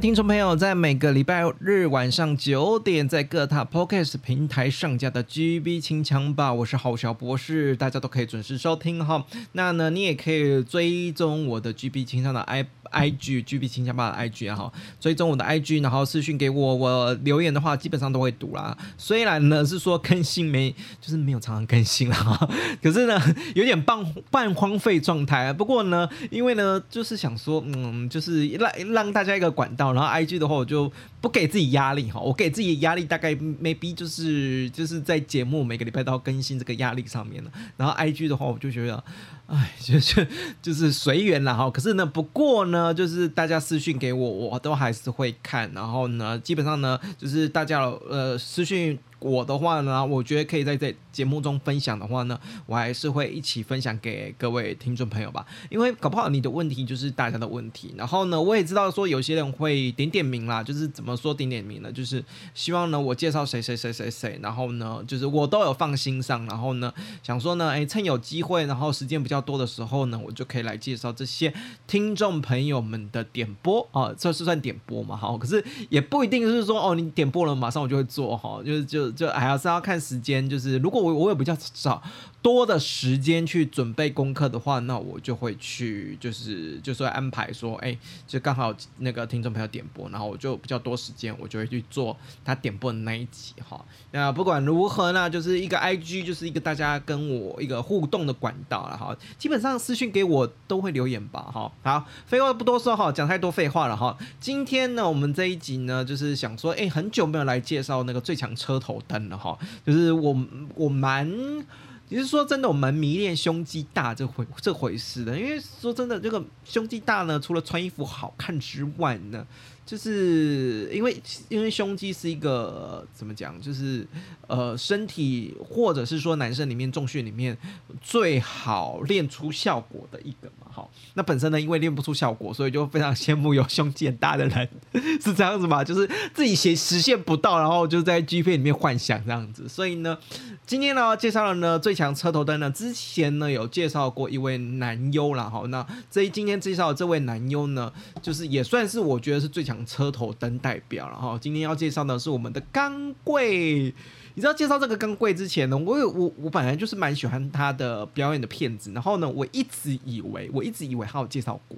聽眾朋友，在每個禮拜日晚上九點，在各大 podcast 平台上架的 GB 清槍吧，我是郝小博士，大家都可以準時收聽哈。那呢，你也可以追蹤我的 GB 清槍的 IG。I G G B 青加爸的 I G 哈，所以中午的 I G，然後私訊給我，我留言的話基本上都會讀啦。雖然呢是說更新沒，就是沒有常常更新啦，可是呢有點半半荒廢狀態。不過呢，因為呢就是想說，嗯，就是讓讓大家一個管道。然後 I G 的話，我就不給自己壓力哈，我給自己壓力大概 maybe 就是就是在節目每個禮拜都要更新這個壓力上面了。然後 I G 的話，我就覺得，哎，就就是、就是隨緣啦哈。可是呢，不過呢。就是大家私訊給我，我都還是會看。然後呢，基本上呢，就是大家呃私訊，我的話呢，我覺得可以在這節目中分享的話呢，我還是會一起分享給各位聽眾朋友吧。因為搞不好你的問題就是大家的問題。然後呢，我也知道說有些人會點點名啦，就是怎麼說點點名呢？就是希望呢，我介紹誰誰誰誰誰。然後呢，就是我都有放心上。然後呢，想說呢，誒趁有機會，然後時間比較多的時候呢，我就可以來介紹這些聽眾朋友們的點播啊，這、呃、是算點播嘛。好，可是也不一定是說哦，你點播了馬上我就會做哈，就是就。就還要是要看時間，就是如果我我有比較少多的時間去準備功課的話，那我就會去就是就是安排說，哎、欸，就剛好那個聽眾朋友點播，然後我就比較多時間，我就會去做他點播的那一集哈。那不管如何呢，就是一個 IG 就是一個大家跟我一個互動的管道了哈。基本上私訊給我都會留言吧哈。好，廢話不多說哈，講太多廢話了哈。今天呢，我們這一集呢，就是想說，哎、欸，很久沒有來介紹那個最強車頭。等了哈，就是我我蠻，其實說真的，我蠻迷戀胸肌大這回這回事的，因為說真的，這個胸肌大呢，除了穿衣服好看之外呢。就是因為因為胸肌是一個、呃、怎麼講，就是呃身體或者是說男生裡面重訓裡面最好練出效果的一個嘛，好。那本身呢，因為練不出效果，所以就非常羨慕有胸肌很大的人，是這樣子嘛？就是自己實實現不到，然後就在 G 片裡面幻想這樣子，所以呢。今天呢，介紹了呢最強車頭燈呢。之前呢有介紹過一位男優啦。哈。那這一今天介紹的這位男優呢，就是也算是我覺得是最強車頭燈代表哈。今天要介紹的是我們的剛貴。你知道介紹這個剛貴之前呢，我有我我本來就是蠻喜歡他的表演的片子，然後呢我一直以為我一直以為他有介紹過。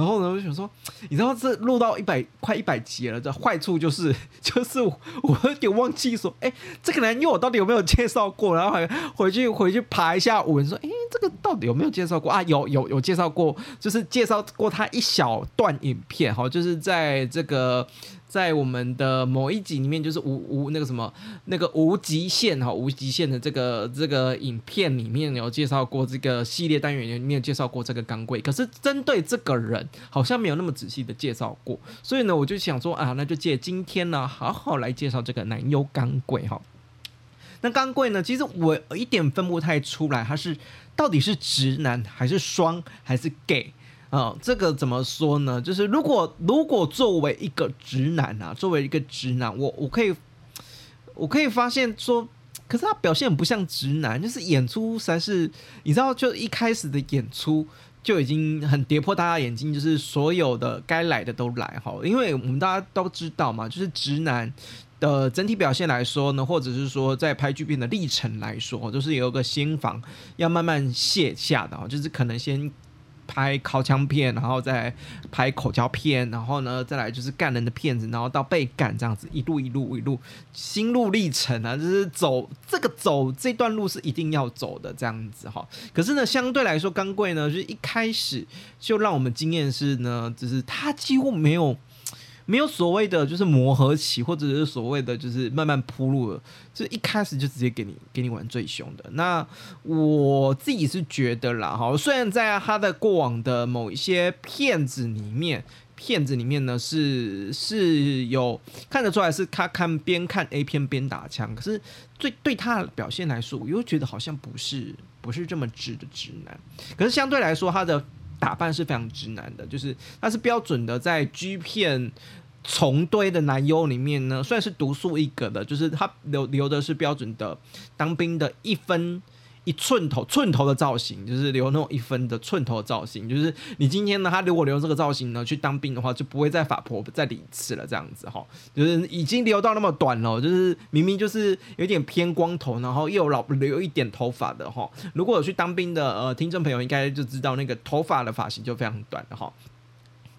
然後呢，我就想說，你知道這錄到一百快一百集了，這壞處就是，就是我有點忘記說，哎，這個人，因為我到底有沒有介紹過？然後還回去回去爬一下我說，哎，這個到底有沒有介紹過啊？有有有介紹過，就是介紹過他一小段影片，好，就是在這個。在我們的某一集裡面，就是無無那個什麼那個無極限哈，無極限的這個這個影片裡面，有介紹過這個系列單元裡面有介紹過這個剛貴。可是針對這個人好像沒有那麼仔細的介紹過，所以呢，我就想說啊，那就借今天呢，好好來介紹這個男優剛貴。哈。那剛貴呢，其實我一點分不太出來，它是到底是直男還是雙還是 gay。啊、哦，這個怎麼說呢？就是如果如果作為一個直男啊，作為一個直男，我我可以我可以發現說，可是他表現很不像直男，就是演出才是你知道，就一開始的演出就已經很跌破大家眼鏡，就是所有的該來的都來哈，因為我們大家都知道嘛，就是直男的整體表現來說呢，或者是說在拍劇片的歷程來說，就是有個心防要慢慢卸下的，就是可能先。拍尻槍片，然後再拍口交片，然後呢，再來就是幹人的片子，然後到被幹這樣子，一路一路一路，心路歷程啊，就是走這個走這段路是一定要走的這樣子哈。可是呢，相對來說，剛貴呢，就是、一開始就讓我們驚艷是呢，就是他幾乎沒有。沒有所謂的就是磨合期，或者是所謂的就是慢慢鋪路了，就是、一開始就直接給你給你玩最兇的。那我自己是覺得啦，哈，雖然在他的過往的某一些片子裡面，片子裡面呢是，是有看得出來是他看邊看 A 片邊打槍，可是最對，對他的表現來說，我又覺得好像不是不是這麼直的直男。可是相對來說，他的打扮是非常直男的，就是他是標準的在 G 片。叢堆的男優裡面呢，算是獨樹一格的，就是他留留的是標準的當兵的一分一寸頭寸頭的造型，就是留那種一分的寸頭造型，就是你今天呢，他如果留這個造型呢去當兵的話，就不會再髮婆再理一次了，這樣子哈，就是已經留到那麼短了，就是明明就是有點偏光頭，然後又老留一點頭髮的哈，如果有去當兵的呃聽眾朋友應該就知道那個頭髮的髮型就非常短的哈。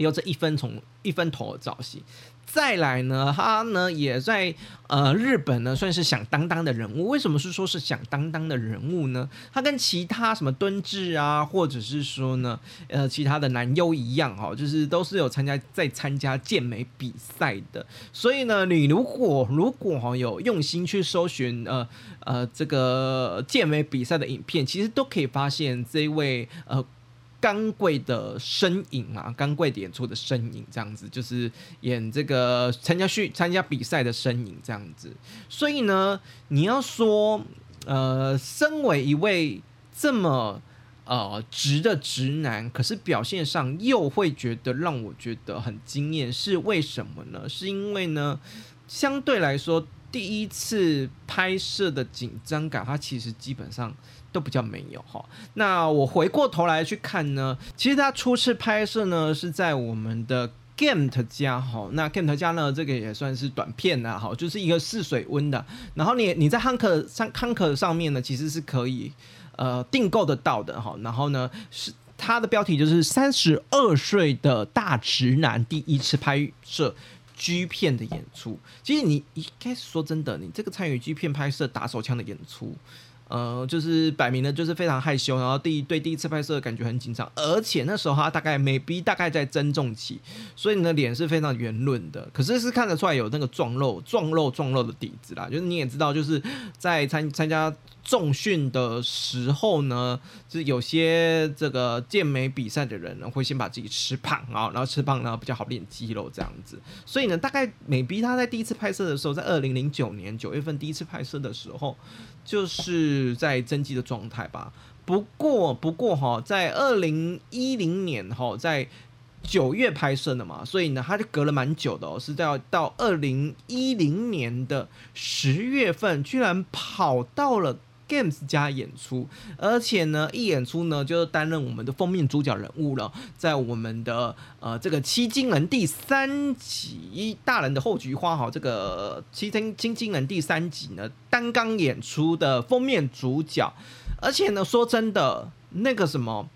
有這一分從一分頭的造型，再來呢，他呢也在呃日本呢算是響噹噹的人物。為什麼是說是響噹噹的人物呢？他跟其他什麼蹲置啊，或者是說呢呃其他的男優一樣哈、喔，就是都是有參加在參加健美比賽的。所以呢，你如果如果有用心去搜尋呃呃這個健美比賽的影片，其實都可以發現這位呃。剛貴的身影啊，剛貴的演出的身影，這樣子就是演這個參加續參加比賽的身影，這樣子。所以呢，你要說，呃，身為一位這麼呃直的直男，可是表現上又會覺得讓我覺得很驚艷，是為什麼呢？是因為呢，相對來說，第一次拍攝的緊張感，它其實基本上。都比較沒有哈，那我回過頭來去看呢，其實他初次拍攝呢是在我們的 GAMT 家哈，那 GAMT 家呢這個也算是短片了、啊、哈，就是一個試水溫的，然後你你在 Hunk 上 Hunk 上面呢其實是可以呃訂購得到的哈，然後呢是它的標題就是三十二歲的大直男第一次拍攝 G 片的演出，其實你一開始說真的，你這個參與 G 片拍攝打手槍的演出。呃，就是擺明了就是非常害羞，然後第一對第一次拍攝的感覺很緊張，而且那時候他大概 maybe 大概在增重期，所以你的臉是非常圓潤的，可是是看得出來有那個壯肉壯肉壯肉的底子啦，就是你也知道就是在參參加。重訓的時候呢，就有些這個健美比賽的人呢，會先把自己吃胖啊，然後吃胖，然後比較好練肌肉這樣子。所以呢，大概美逼他在第一次拍攝的時候，在二零零九年九月份第一次拍攝的時候，就是在增肌的狀態吧。不過不過哈，在二零一零年哈，在九月拍攝的嘛，所以呢，他就隔了蠻久的哦，是在到二零一零年的十月份，居然跑到了 games 加演出，而且呢，一演出呢，就是擔任我們的封面主角人物了。在我們的呃這個凄筋人第三集，大人的後菊花，好，這個凄筋筋筋人第三集呢，擔綱演出的封面主角。而且呢，說真的，那個什麼。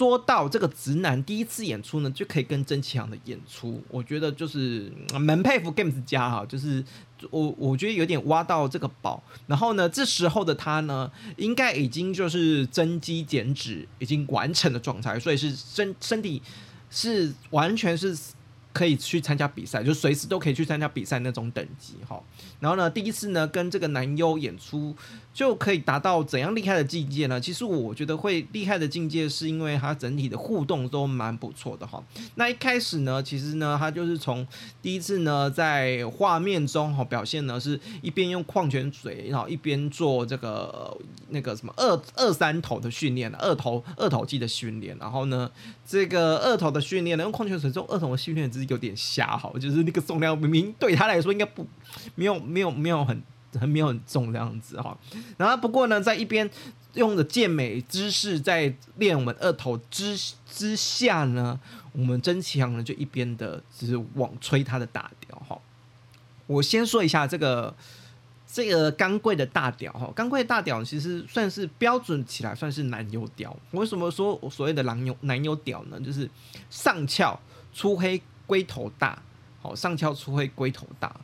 說到這個直男第一次演出呢，就可以跟曾啟陽的演出，我覺得就是蠻佩服 Games 家哈，就是我我覺得有點挖到這個寶。然後呢，這時候的他呢，應該已經就是增肌減脂已經完成的狀態，所以是身身體是完全是。可以去參加比賽，就隨時都可以去參加比賽那種等級哈。然後呢，第一次呢跟這個男優演出就可以達到怎樣厲害的境界呢？其實我覺得會厲害的境界是因為他整體的互動都蠻不錯的哈。那一開始呢，其實呢他就是從第一次呢在畫面中哈表現呢是一邊用礦泉水，然後一邊做這個那個什麼二二三頭的訓練，二頭二頭肌的訓練，然後呢這個二頭的訓練呢，用礦泉水做二頭的訓練之。是有點瞎哈，就是那個重量明明對他來說應該不沒有沒有沒有很很沒有很重這樣子哈。然後不過呢，在一邊用著健美姿勢在練我們二頭之之下呢，我們真強呢就一邊的只、就是往吹他的大屌哈。我先說一下這個這個剛貴的大屌哈，剛貴的大屌其實算是標準起來算是男優屌。為什麼說我所謂的男優男優屌呢？就是上翹粗黑。龜頭大，好上翹出會龜頭大，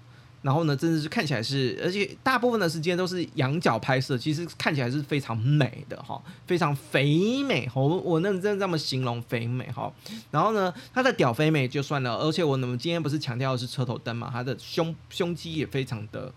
然後呢，真的是看起來是，而且大部分的時間都是仰角拍攝，其實看起來是非常美的哈，非常肥美好，我認真的這麼形容肥美哈，然後呢，它的屌肥美就算了，而且我我們今天不是強調的是車頭燈嘛，它的胸胸肌也非常的。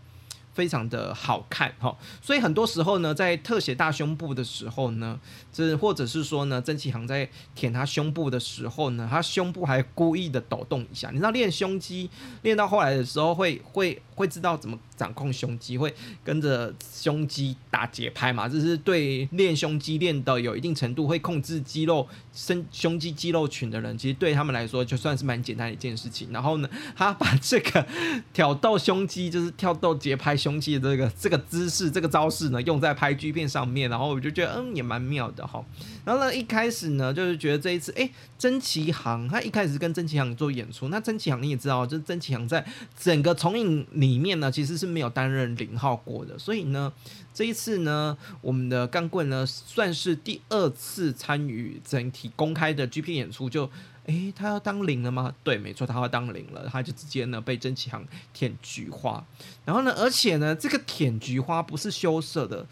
非常的好看哈，所以很多時候呢，在特寫大胸部的時候呢，這或者是說呢，鄭啟航在舔他胸部的時候呢，他胸部還故意的抖動一下。你知道練胸肌練到後來的時候會會會知道怎麼掌控胸肌，會跟着胸肌打節拍嘛？這是對練胸肌練到有一定程度，會控制肌肉身胸肌肌肉群的人，其實對他們來說就算是蠻簡單的一件事情。然後呢，他把這個挑逗胸肌，就是挑逗節拍胸肌的這個這個姿勢、這個招式呢，用在拍劇片上面。然後我就覺得，嗯，也蠻妙的哈。然後呢，一開始呢，就是覺得這一次，哎，曾奇航他一開始跟曾奇航做演出，那曾奇航你也知道，就是曾奇航在整個重影影。裡面呢，其實是沒有擔任零號過的，所以呢這一次呢，我們的剛貴呢算是第二次參與整體公開的 G P 演出就，就、欸、誒，他要當零了嗎？對，沒錯，他要當零了，他就直接呢被曾啟航舔菊花，然後呢，而且呢，這個舔菊花不是羞澀的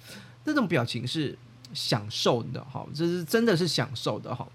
那種表情，是享受的哈，這、就是真的是享受的哈。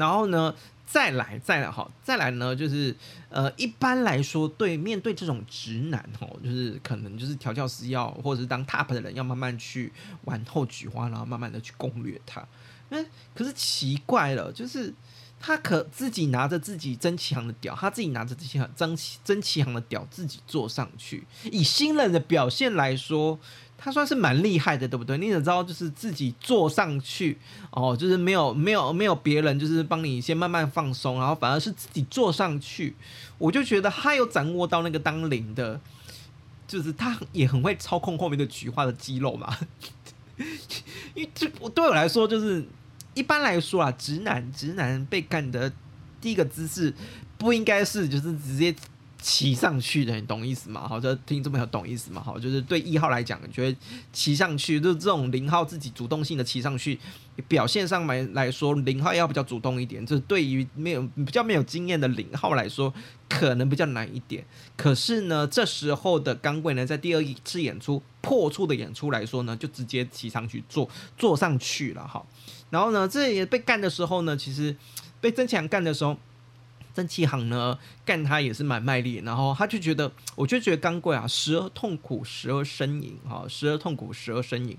然後呢，再來，再來，好，再來呢，就是，呃，一般來說，對，面對這種直男哦，就是可能就是調教師要，或者是當 TOP 的人要慢慢去玩後菊花，然後慢慢的去攻略他。那、嗯、可是奇怪了，就是他可自己拿着自己曾強的屌，他自己拿着這些張曾強的屌自己坐上去，以新人的表現來說。他算是蠻厲害的，對不對？你怎麼知道？就是自己坐上去哦，就是沒有沒有沒有別人，就是幫你先慢慢放鬆，然後反而是自己坐上去。我就覺得他有掌握到那個當零的，就是他也很會操控後面的菊花的肌肉嘛。因為這我對我來說，就是一般來說啊，直男直男被幹的第一個姿勢不應該是就是直接。騎上去的，你懂意思嘛？好，就聽這麼懂意思嘛？好，就是對一號來講，你覺得騎上去就是這種零號自己主動性的騎上去，表現上來來說，零號要比較主動一點。就是對於沒有比較沒有經驗的零號來說，可能比較難一點。可是呢，這時候的剛貴呢，在第二次演出破處的演出來說呢，就直接騎上去坐坐上去了哈。然後呢，這也被幹的時候呢，其實被增強幹的時候。曾啟航呢，幹他也是蠻賣力，然後他就覺得，我就覺得剛貴啊，時而痛苦，時而呻吟，哈，時而痛苦，時而呻吟。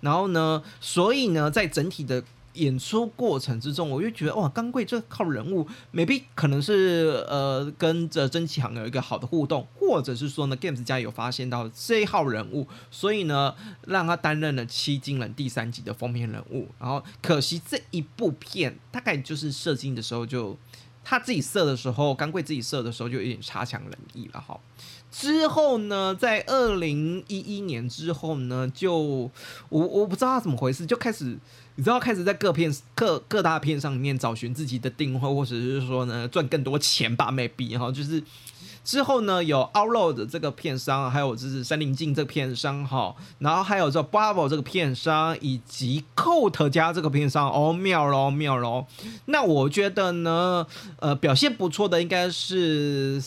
然後呢，所以呢，在整體的演出過程之中，我就覺得，哇，剛貴這號人物，maybe 可能是呃，跟着曾啟航有一個好的互動，或者是說呢，Games 家有發現到這一號人物，所以呢，讓他擔任了《凄筋人》第三集的封面人物。然後可惜這一部片，大概就是射精的時候就。他自己射的時候，剛貴自己射的時候就有點差強人意了哈。之後呢，在二零一一年之後呢，就我我不知道他怎麼回事，就開始你知道，開始在各片各各大片上面找尋自己的定位，或者是說呢，賺更多錢吧，maybe 哈，就是。之後呢，有 Outload 這個片商，還有就是三稜鏡這個片商哈，然後還有這 Bravo 這個片商，以及 Cote 加這個片商哦，妙了，妙了，那我覺得呢，呃，表現不錯的應該是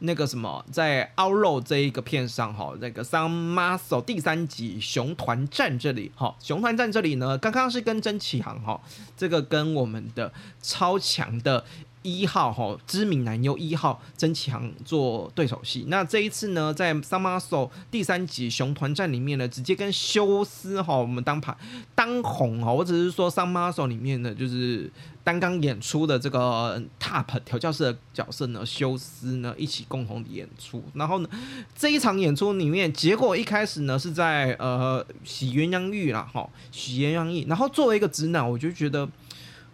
那個什麼，在 Outload 這一個片上哈，這、那個 Sun Muscle 第三集熊團戰這裡哈，熊團戰這裡呢，剛剛是跟真奇航哈，這個跟我們的超強的。一號哈，知名男優一號，曾強做對手戲。那這一次呢，在《Sun Muscle》第三集熊團戰裡面呢，直接跟休斯哈，我們當排當紅哦。我只是說《Sun Muscle》裡面呢，就是擔綱演出的這個 Top 調教室的角色呢，休斯呢一起共同的演出，然後呢這一場演出裡面，結果一開始呢是在呃洗鴛鴦浴啦哈，洗鴛鴦浴，然後作為一個直男，我就覺得。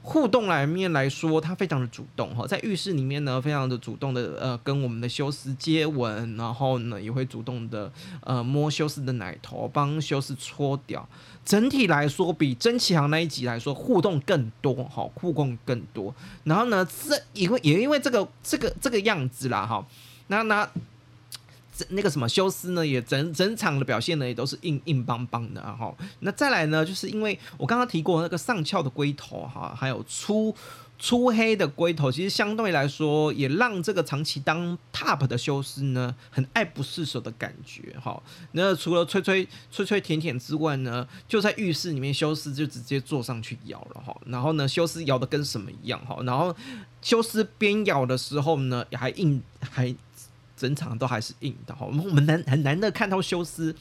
互動來面來說，他非常的主動哈，在浴室裡面呢，非常的主動的呃，跟我們的休斯接吻，然後呢也會主動的呃摸休斯的奶頭，幫休斯搓掉。整體來說，比曾啟航那一集來說互動更多哈，互動更多。然後呢，這也會也因為這個這個這個樣子啦哈，那那。那個什麼修斯呢，也整整場的表現呢也都是硬硬邦邦的哈。那再來呢，就是因為我剛剛提過那個上翹的龜頭哈，還有粗粗黑的龜頭，其實相對來說也讓這個長期當 top 的修斯呢很愛不釋手的感覺哈。那除了吹吹吹吹舔舔之外呢，就在浴室裡面修斯就直接坐上去搖了哈。然後呢，修斯搖的跟什麼一樣哈。然後修斯邊搖的時候呢，還硬還。整場都還是硬的哈，我們難很難得看到休斯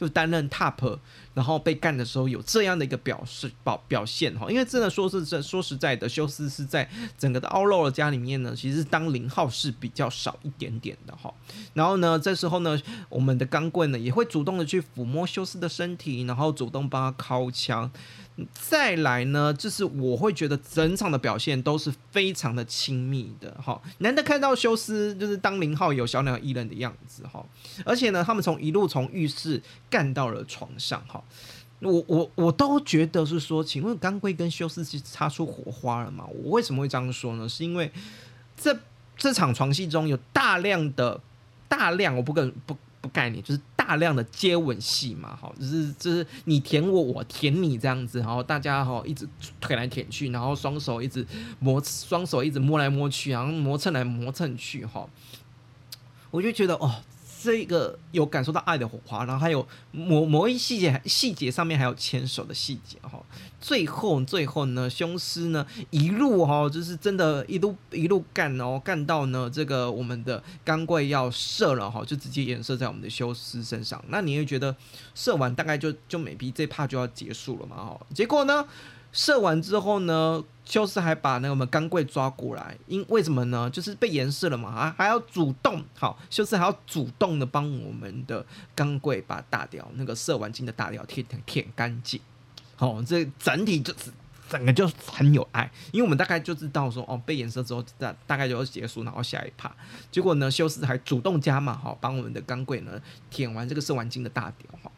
就擔任 TOP，然後被幹的時候有這樣的一個表示表表現哈，因為真的說是說實在的，休斯是在整個的 Allroad 家裡面呢，其實當零號是比較少一點點的哈。然後呢，這時候呢，我們的剛貴呢也會主動的去撫摸休斯的身體，然後主動幫他尻槍。再來呢，就是我會覺得整場的表現都是非常的親密的哈，難得看到休斯就是當零號有小鳥依人的樣子哈，而且呢，他們從一路從浴室幹到了床上哈，我我我都覺得是說，請問剛貴跟休斯是擦出火花了嗎？我為什麼會這樣說呢？是因為這這場床戲中有大量的大量，我不跟不不概念，就是。大量的接吻戲嘛，好，就是就是你舔我，我舔你這樣子，然後大家好，一直舔來舔去，然後雙手一直磨，雙手一直摸來摸去，然後磨蹭來磨蹭去哈，我就覺得哦。這個有感受到愛的火花，然後還有某某一細節細節上面還有牽手的細節哈、哦。最後最後呢，修斯呢一路哈、哦，就是真的，一路一路幹哦，幹到呢這個我們的剛貴要射了哈、哦，就直接顏射在我們的修斯身上。那你會覺得射完大概就就美批這趴就要結束了嘛？哈、哦，結果呢，射完之後呢？修斯還把那個我們剛貴抓過來，因為什麼呢？就是被顏射了嘛，還還要主動好，修斯還要主動的幫我們的剛貴把大屌那個射完精的大屌舔舔乾淨。好、哦，這整體就是、整個就很有愛，因為我們大概就知道說哦，被顏射之後大大概就要結束，然後下一趴。結果呢，修斯還主動加碼，哈，幫我們的剛貴呢舔完這個射完精的大屌、哦、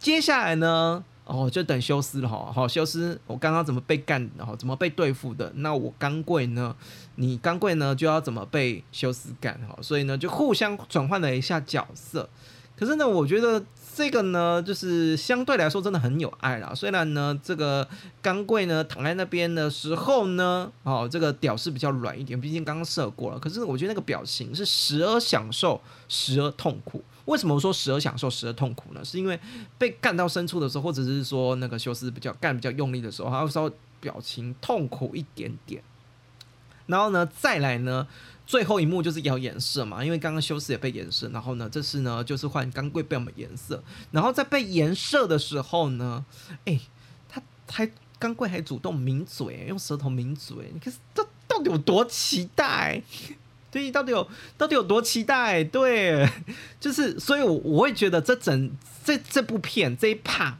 接下來呢？哦，就等修斯了哈。好，修斯，我剛剛怎麼被幹，然後怎麼被對付的？那我剛貴呢？你剛貴呢就要怎麼被修斯幹哈？所以呢，就互相轉換了一下角色。可是呢，我覺得這個呢，就是相對來說真的很有愛啦。雖然呢，這個剛貴呢躺在那邊的時候呢，哦，這個屌是比較軟一點，畢竟剛剛射過了。可是我覺得那個表情是時而享受，時而痛苦。為什麼我說時而享受，時而痛苦呢？是因為被幹到深處的時候，或者是說那個休斯比較幹比較用力的時候，還要稍微表情痛苦一點點。然後呢，再來呢。最後一幕就是要顏射嘛，因為剛剛修飾也被顏射。然後呢，這次呢就是換剛貴被我們顏射，然後在被顏射的時候呢，哎、欸，他還剛貴還主動抿嘴，用舌頭抿嘴，你看這到底有多期待？對，到底有到底有多期待？對，就是所以我，我我會覺得這整這這部片這一 part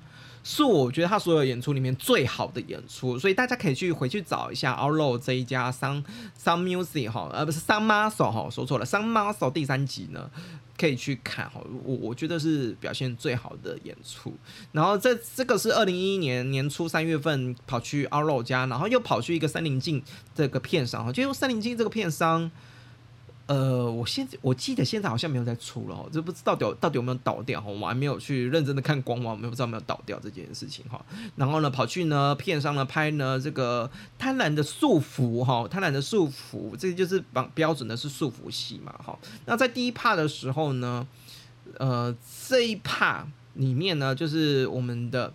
是我覺得他所有演出裡面最好的演出，所以大家可以去回去找一下 Outroad 這一家 Sun Sun Music 哈、哦，呃不是 Sun Muscle 哈、哦，說錯了，Sun Muscle 第三集呢可以去看哈，我我覺得是表現最好的演出。然後這這個是二零一一年年初三月份跑去 Outroad 家，然後又跑去一個三稜鏡這個片商哈，就用三稜鏡這個片商。呃，我現在我記得現在好像沒有再出了，這不知道掉到底有沒有倒掉哈，我還沒有去認真的看官網，沒有知道有沒有倒掉這件事情哈。然後呢，跑去呢片商呢拍呢這個貪婪的束縛哈，貪婪的束縛，這個就是綁標準的是束縛戲嘛哈。那在第一 part 的時候呢，呃，這一 part 裡面呢，就是我們的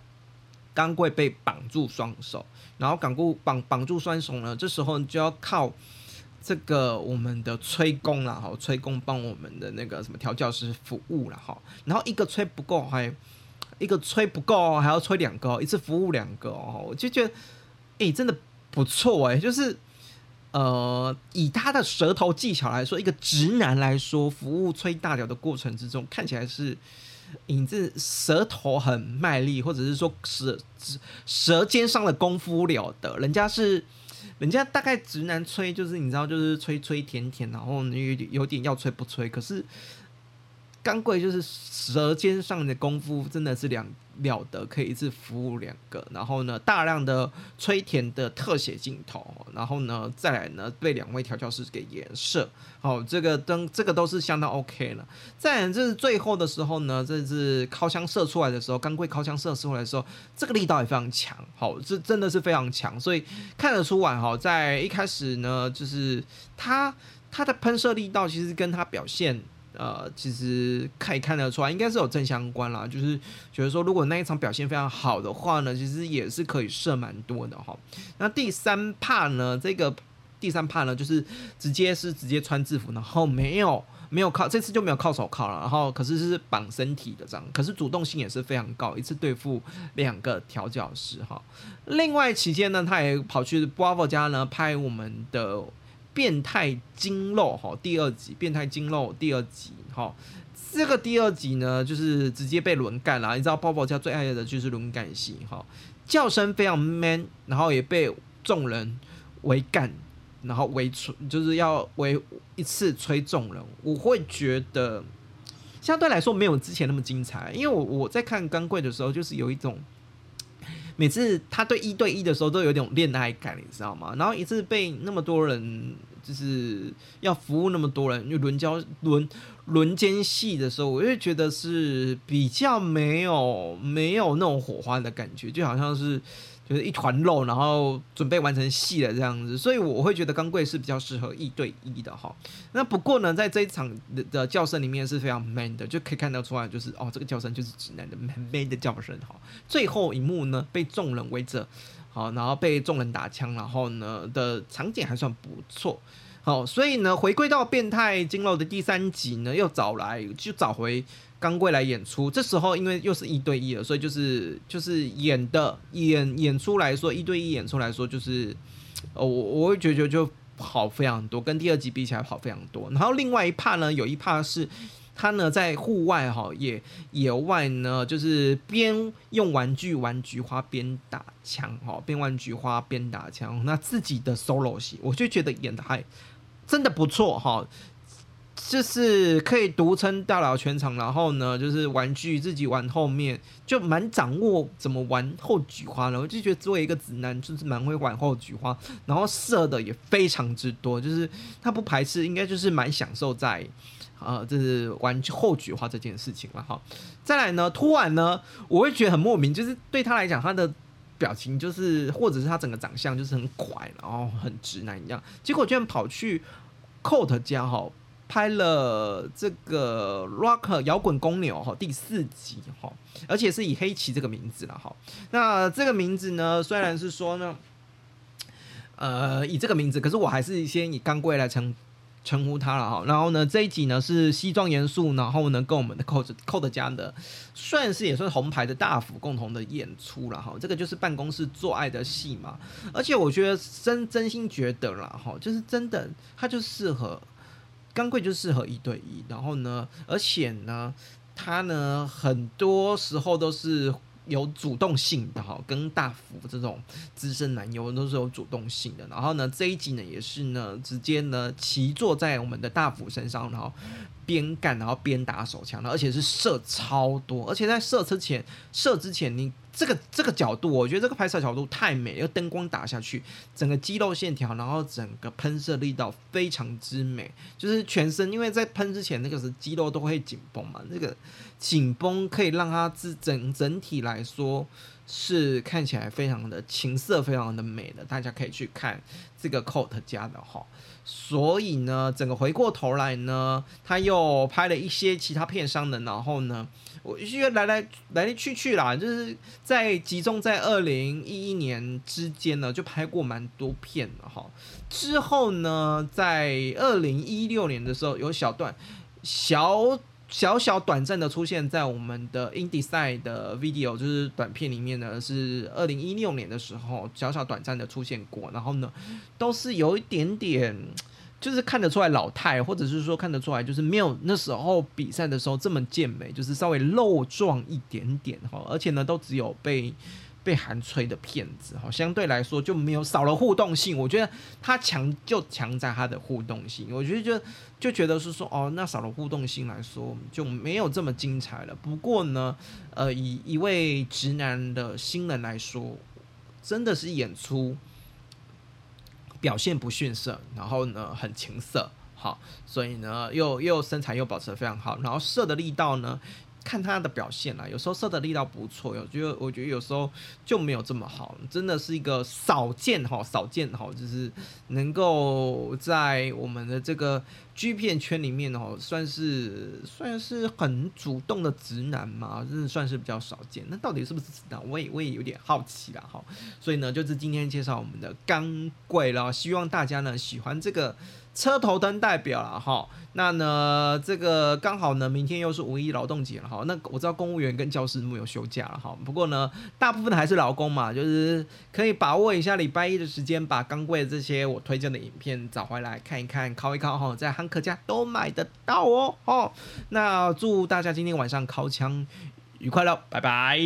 剛貴被綁住雙手，然後剛貴綁綁住雙手呢，這時候就要靠。這個我們的吹功啦，哈，吹功幫我們的那個什麼調教師服務了哈，然後一個吹不夠還，一個吹不夠還要吹兩個，一次服務兩個哦，我就覺得，哎、欸，真的不錯哎、欸，就是，呃，以他的舌頭技巧來說，一個直男來說，服務吹大鳥的過程之中，看起來是，影子舌頭很賣力，或者是說舌舌尖上的功夫了得，人家是。人家大概直男吹就是你知道就是吹吹舔舔，然後有有點要吹不吹，可是剛貴就是舌尖上的功夫，真的是兩了得，可以一次服務兩個，然後呢，大量的吹舔的特寫鏡頭，然後呢，再來呢被兩位調教師給顏射，好、哦，這個燈，這個都是相當 OK 了。再就是最後的時候呢，這是尻槍射出來的時候，剛貴尻槍射射出來的時候，這個力道也非常強，好、哦，這真的是非常強，所以看得出來哈，在一開始呢，就是它它的噴射力道其實跟它表現。呃，其實可以看得出來，應該是有正相關啦。就是覺得說，如果那一場表現非常好的話呢，其實也是可以射蠻多的哈。那第三 part 呢，這個第三 part 呢，就是直接是直接穿制服，然後沒有沒有靠這次就沒有靠手銬了，然後可是是綁身體的這樣，可是主動性也是非常高，一次對付兩個調教師哈。另外期間呢，他也跑去 Bravo 家呢拍我們的。變態筋肉吼，第二集，變態筋肉第二集哈，這個第二集呢，就是直接被輪幹了。你知道，包包家最愛的就是輪幹型哈，叫聲非常 man，然後也被眾人圍幹，然後圍吹，就是要圍一次吹眾人。我會覺得相對來說沒有之前那麼精彩，因為我我在看剛貴的時候，就是有一種。每次他對一對一的時候都有點戀愛感，你知道嗎？然後一次被那麼多人，就是要服務那麼多人，就輪交輪輪姦戲的時候，我就覺得是比較沒有沒有那種火花的感覺，就好像是。就是一團肉，然後準備完成戲的這樣子，所以我會覺得剛貴是比較適合一對一的哈。那不過呢，在這一場的，的，的叫聲裡面是非常 man 的，就可以看得出來，就是哦，這個叫聲就是直男的 man, man 的叫聲哈。最後一幕呢，被眾人圍着，好，然後被眾人打槍，然後呢的場景還算不錯。好，所以呢，回歸到變態筋肉的第三集呢，又找來就找回剛貴來演出。這時候因為又是一對一了，所以就是就是演的演演出來說，一對一演出來說，就是，哦，我我會覺得就好非常多，跟第二集比起來好非常多。然後另外一帕呢，有一帕是他呢在戶外哈、哦、野野外呢，就是邊用玩具玩菊花邊打槍哈、哦，邊玩菊花邊打槍。那自己的 solo 戲，我就覺得演的還。真的不錯哈，就是可以獨撐大佬全場，然後呢，就是玩具自己玩後面就蠻掌握怎麼玩後菊花的，然後就覺得作為一個直男就是蠻會玩後菊花，然後射的也非常之多，就是他不排斥，應該就是蠻享受在呃，就是玩後菊花這件事情了哈。再來呢，突然呢，我會覺得很莫名，就是對他來講，他的表情就是或者是他整個長相就是很怪，然後很直男一樣，結果居然跑去。COAT 家哈，喔，拍了這個 Rock 搖滾公牛哈，喔，第四集哈、喔，而且是以黑棋這個名字了哈。那這個名字呢，雖然是說呢，呃，以這個名字，可是我還是先以剛貴來稱稱呼他了哈，然後呢這一集呢是西裝嚴肅，然後呢跟我們的寇德、寇德家的算是也算紅牌的大夫共同的演出了哈。這個就是辦公室做愛的戲嘛，而且我覺得真，真心覺得啦哈，就是真的他就適合，剛貴就適合一對一，然後呢，而且呢他呢很多時候都是。有主動性的哈，跟大福這種資深男優都是有主動性的。然後呢，這一集呢也是呢，直接呢騎坐在我們的大福身上，然後。邊幹然後邊打手槍的，而且是射超多，而且在射之前，射之前你這個這個角度，我覺得這個拍攝角度太美了，要燈光打下去，整個肌肉線條，然後整個噴射力道非常之美，就是全身，因為在噴之前那個是肌肉都會緊繃嘛，那、這個緊繃可以讓它自整整體來說是看起來非常的情色，非常的美的，大家可以去看這個 COAT 家的哈。所以呢，整個回過頭來呢，他又拍了一些其他片商的，然後呢，我因為來來來來去去啦，就是在集中在二零一一年之間呢，就拍過蠻多片了哈。之後呢，在二零一六年的時候，有小段小。小小短暫的出現在我們的 Indie 賽的 video，就是短片裡面呢，是二零一六年的時候，小小短暫的出現過。然後呢，都是有一點點，就是看得出來老態，或者是說看得出來就是沒有那時候比賽的時候這麼健美，就是稍微肉壯一點點哈。而且呢，都只有被。被含吹的片子好，相對來說就沒有少了互動性。我覺得他強就強在他的互動性。我覺得就就覺得是說哦，那少了互動性來說就沒有這麼精彩了。不過呢，呃，以一位直男的新人來說，真的是演出表現不遜色，然後呢，很情色，好，所以呢又又身材又保持得非常好，然後射的力道呢，看他的表現啦，有時候射的力道不錯，喲。就我覺得有時候就沒有這麼好，真的是一個少見哈，少見哈，就是能夠在我們的這個 G 片圈裡面哦，算是算是很主動的直男嘛，真的算是比較少見。那到底是不是直男，我也我也有點好奇了哈。所以呢，就是今天介紹我們的剛貴了，希望大家呢喜歡這個。車頭燈代表了哈，那呢這個剛好呢明天又是五一勞動節了哈，那我知道公務員跟教師沒有休假了哈，不過呢大部分還是勞工嘛，就是可以把握一下禮拜一的時間，把剛貴的這些我推薦的影片找回來，看一看，尻一尻哈，在漢客家都買得到哦哈，那祝大家今天晚上尻槍愉快了，拜拜。